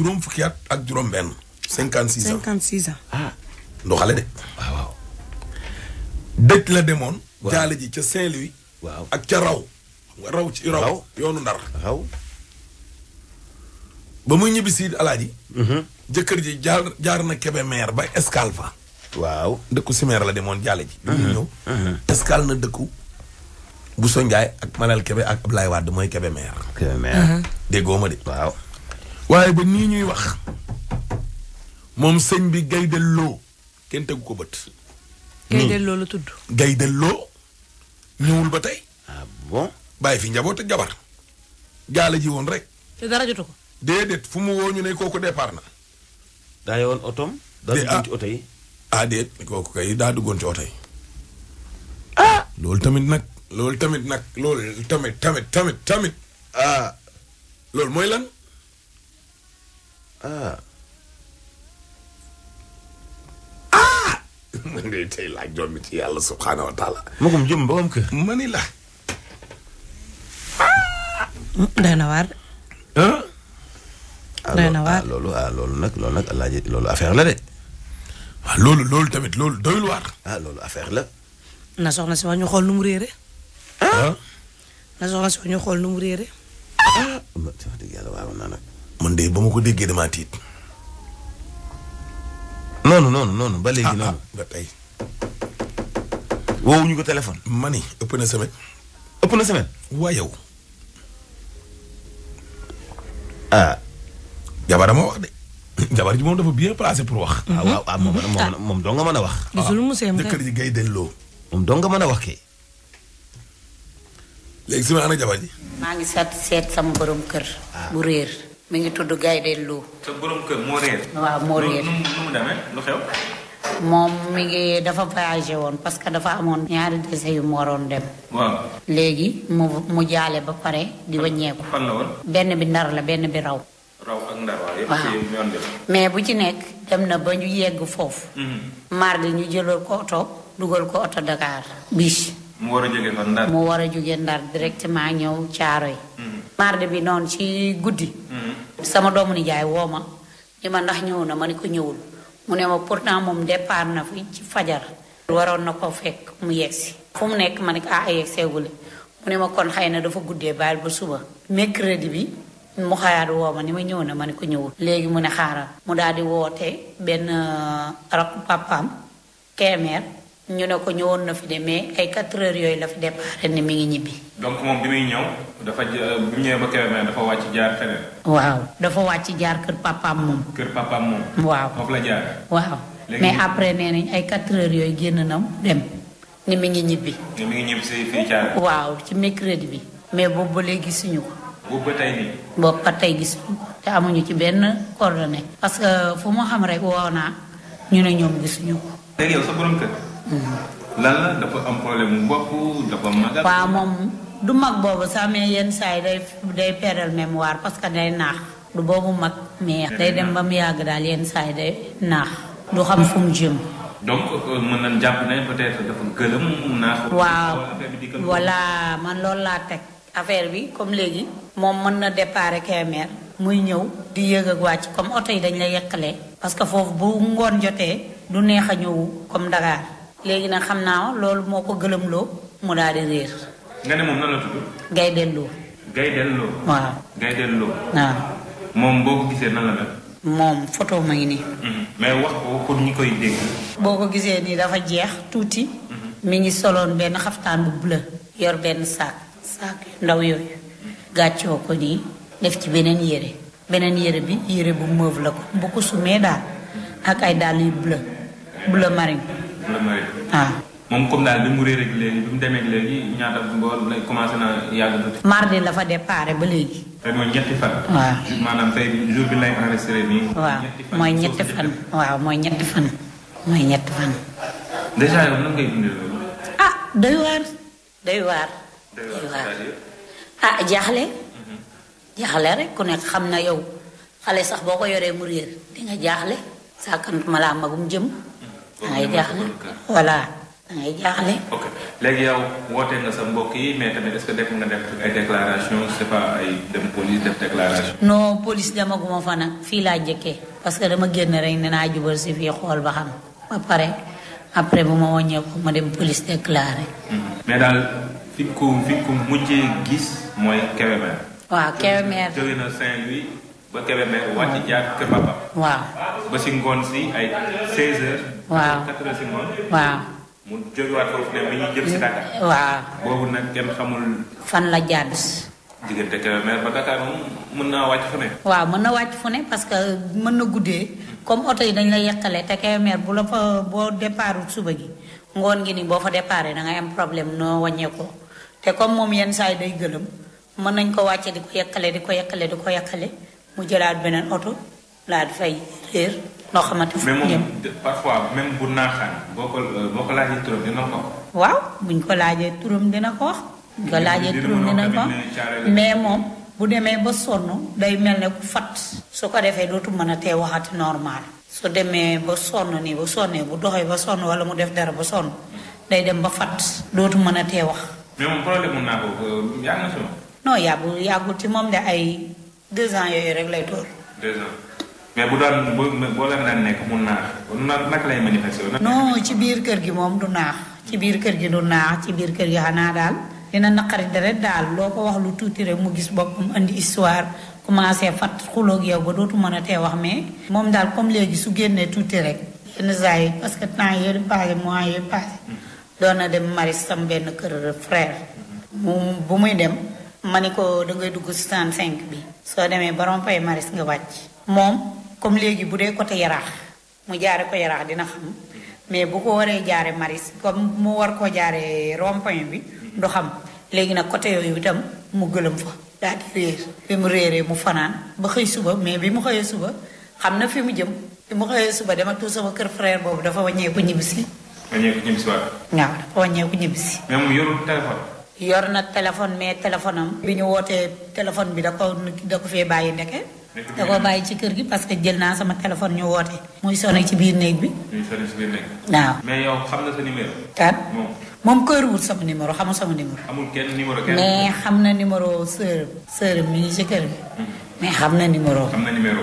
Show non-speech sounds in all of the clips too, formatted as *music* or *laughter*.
juróom fukki ak juróom benn. cinquante six ans cinquante six ans. Ah. xale de. dëj la demoon. jaale ji ca Saint-Louis. ak ca raw. raw ci raw yoonu ndar. raw. ba muy ñibbi si mhm. jëkkër ji jaar jaar na Kébémer ba escale fa. waaw dëkku Simeer la demoon jaale ji. bi mhm. ñëw. Mhm. escale na dëkku. Bousso Ndiaye ak Manel Kébé ak Ablaye Wade mooy Kébémer. Kébémer déggoo ma de waaw. waaye ba nii ñuy wax moom sëñ bi gaydel loo kenn tegu ko bët. gaydel loo la tudd. gaydel loo ñëwul ba tey. Ah bon bàyyi fi njaboot ak jabar. gaala ji woon rek. te dara jotu ko. déedéet fu mu woo ñu ne kooku départ na. daa yowoon otoom. daa ah. ah, duggoon ci oto yi. ah déet daa duggoon ci loolu tamit nag. loolu tamit nag loolu tamit tamit tamit loolu mooy lan. ah ah man de tey laaj doom bi ci yàlla subhaanahu wa taala ma kom jëm boom kër mani ah! doy na waar doy na waar ah, loolu ah loolu nag loolu nag loolu affaire la de loolu loolu tamit loolu doyul waar ah loolu affaire la na soxna si wax xool nu mu réere na soxna si wax ñu xool nu mu réere ah dëgg yàlla waaw naa nag man de ba ma ko déggee damaa tiit. noonu noonu noonu ba léegi ah, noonu. ba ah. tey. woowuñu ko téléphone. ma ni ëpp na semaine. ëpp na semaine. waa yow. ah. jabar ma wax de. *laughs* jabar ji moom dafa bien placé pour wax. ah waaw ah moom mm-hmm. moom doo nga mën a wax. Ah. gisul mu seen kër ji gay delloo. moom doo nga mën a wax kay. léegi su ma ana jabar ji. maa ngi seet seet sama borom kër. bu réer. mi ngi tudd Gaynde Lo. sa borom moo réer. waaw moo réer nu mu ngi dafa voyagé woon parce que dafa amoon. ñaari décès yu mu waroon dem. léegi mu mu jaale ba pare di wàññeeku. fan benn bi ndar la benn bi raw. raw ak ndar waaw mais bu ci nekk dem na ba ñu yegg foofu. Mhm. ñu jëlal ko oto ko oto Dakar bis. mu war a jóge ndar directement ñëw caaro yi. Mhm. mardi bi noonu ci guddi. sama doomu nijaay woo ma ni ma ndax ñëw na ma ni ko ñëwul mu ne ma pourtant moom départ na fi ci fajar waroon na ko fekk mu yegsi fu mu nekk ma ne ko ah yegseegule mu ne ma kon xëy na dafa guddee baal ba suba mercredi bi mu xayaat woo ma ni ma ñëw na ma ni ko ñëwul léegi mu ne xaaral mu daal di woote benn euh, rakku papaam keemeer ñu ne ko ñëwoon na fi de mais ay 4 heures yooyu la fi départ ni mi ngi ñibbi. donc moom bi muy ñëw dafa euh, bi mu ñëwee ba Kébémer dafa wàcc jaar feneen. waaw dafa waaw foofu la après nee nañ ay 4 heures yooyu génn na dem ni mi ngi ñibbi. waaw ci mercredi bi. mais boobu ba léegi gisuñu ko. boobu ba tey nii. boobu ba tey gisuñu te amuñu ci benn coordonnée. parce que fu mu xam rek woo naa ñu ne ñoom gisuñu ko. lan la dafa am problème mu bopp dafa waaw moom du mag boobu sax mais yenn saa day day perdre mémoire parce que day naax du boobu mag mais. day dem ba mu yàgg daal yenn saa yi day naax du xam fu mu euh, waaw voilà man loolu laa teg affaire bi comme léegi. moom mën na déparé Kébémer muy ñëw di yëg ak wàcc comme oto yi dañ la yàqale parce que foofu bu ngoon jotee du neex a ñëw comme Dakar. léegi nag xam naa loolu moo ko gëlëmloo mu daal di réer. nga ne moom nan la tudd. Gaydel Lo. Gaydel Lo. waaw Gaydel Lo. waaw. moom boo ko gisee nan la mel. moom photo ma nii. Mhm. mais wax ko ko nii dafa jeex tuuti. Mhm. mi ngi soloon benn xaftaan bu bleu. yor benn saak. saak yu ndaw yooyu. gàccoo ko nii. def ci beneen yére. beneen yére bi yére bu mauve la ko bu ko sumee daal. ak ay dàll yu bleu. bleu marine. la mooy. Ah. moom comme daal bi mu réer ak léegi bi mu demee léegi ñaata ngoon lay commencé na yàgg tuuti. mardi la fa déparé ba léegi. tey mooy ñetti fan. waaw mooy ñetti fan waaw mooy ñetti fan. mooy ñetti fan. ngay dundee loolu. ah doy waar. doy waar. doy waar ah jaaxle. Mhm. jaaxle rek ku nekk xam na yow xale sax boo ko yoree mu réer di jaaxle. saa kan ma laa magum jëm. da ngay jaaxle voilà da ok léegi yow woote nga sa mbokk yi mais tamit est-ce nga def ay déclaration c'est pas ay dem police def déclaration. non police demaguma fa nag fii laa jëkkee parce que dama génn rek ne naa jubal si fii xool ba xam ba pare après bu ma wàññeeku ma dem police déclaré. Hmm. mais daal fi ko fi ko mujjee gis mooy Kébémer. waaw Kébémer jóge na Saint-Louis ba Kébémer wàcc jaar kër Wow, ba si ay Caesar, Wow. waaw Wow, Wow. Singone. waaw. mu jógewaat foofu dem bi ñuy jëm si Dakar. Wow. boobu nag kenn xamul. fan la jàdd. diggante Kébémer ba Dakar Wow, mën naa wàcc fu Wow, waaw mën na wàcc fu ne parce que mën na guddee comme oto yi dañ la yeqale te Kébémer bu la fa boo départul suba gi ngoon gi ni boo fa déparé da ngay am problème noo wàññeeku te comme moom yenn saa day gëlëm mën nañ ko wàcce di ko yeqale di ko yeqale di ko yeqale mu jëlaat beneen oto laa dafay réer loo xamante fu mu jëm parfois même bu naaxaan boo ko laajee turam dina ko wax waaw buñ ko laajee turam dina ko wax buñ ko laajee mais moom bu demee ba sonn day mel ne ku fat su ko defee dootu mën a tee waxati normal su demee ba sonn nii ba sonnee bu doxee ba sonn wala mu def dara ba sonn day dem ba fat dootu mën a tee wax mais moom problème mu naa ko euh, yàgg na non yàggul yàggul ci moom de ay deux ans yooyu rek lay door mais bu daan boo boo leen daan nekk mu naax naka ci biir kër gi moom du naax ci biir kër gi du naax ci biir kër gi xanaa daal dina naqari deret daal loo ko wax lu tuuti rek mu gis boppam indi histoire commencé fat xuloog yow ba dootu mën a tee wax mais moom daal comme léegi su génnee tuuti rek yenn yi parce que temps yële passé mois yële passé doon na dem mari sam benn kër frère mu bu muy dem ma ni ko dangay dugg 65 bi soo demee barom pay nga wàcc moom comme légui boudé dee côté yarax mu jaaré ko yarax dina xam mais bu ko waré jaaré maris comme mu war ko jaaré rompoint bi du xam léegi nag côté yoyu itam mu gëlem fa daal di réer bi mu réré mu fanan ba xey suba mais bi mu xeyé suba xamna fi mu jëm bi mu xeyé suba dama tout sama kër frère bobu dafa wàññeeku ñibbisi wàññeeku ñibbisi waaw waaw dafa wàññeeku ñibbisi mais mu yorul téléphone yor na téléphone mais téléphone am bi ñu wootee téléphone bi da ko da ko fee bàyyi ndeke da koo bàyyi ci kër gi parce que jël naa sama téléphone ñu woote. muy sonné ci biir néeg bi. waaw mais yow xam na sa numéro. kan moom. moom kër wul sama numéro xamul sama numéro. amul kenn numéro mais xam na numéro sœur. sœur mi ngi hmm. xam na numéro. xam na numéro.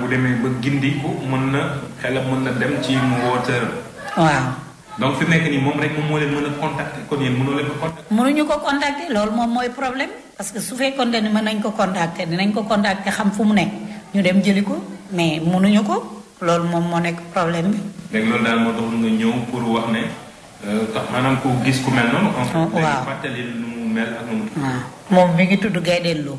bu demee ba gindi ko mën na xelam mën na dem ci mu woo sœur. waaw. donc fi nekk nii moom rek moom moo leen mën a contacter kon yéen mënoo leen ko contacter. mënuñu ko contacter loolu moom mooy problème. parce que su fekkoon ne mën nañ ko contacter dinañ ko contacter xam fu mu nekk ñu dem jëli ko mais mënuñu ko loolu moom moo nekk problème bi. léegi loolu euh, ah, ah. mi ngi tudd Gaydel Lo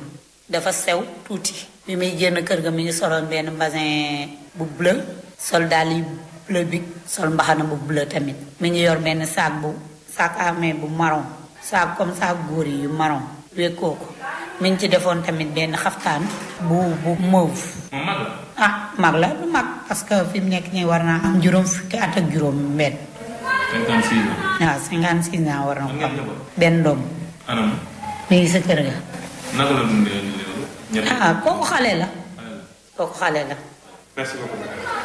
dafa sew tuuti. bi muy génn kër ga mi ngi soloon benn basin bu bleu. sol daal yi bleu bi sol mbaxana bu bleu tamit. mi ngi yor benn saak bu saak armé bu marron. saak comme saak góor yi yu marron. wékkoo ko mi ci defoon tamit benn xaftaan bu bu mauve. la. ah mag la du mag parce que fi nekk nii war naa am juróom fukki at ak juróom benn. 56 ans. waaw ah, 56 war na ko benn doom. anam. sa kër ga. naka la dundee ah, xale la. kooku xale la.